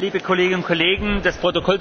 liebe kolleginnen und kollegen das protokoll.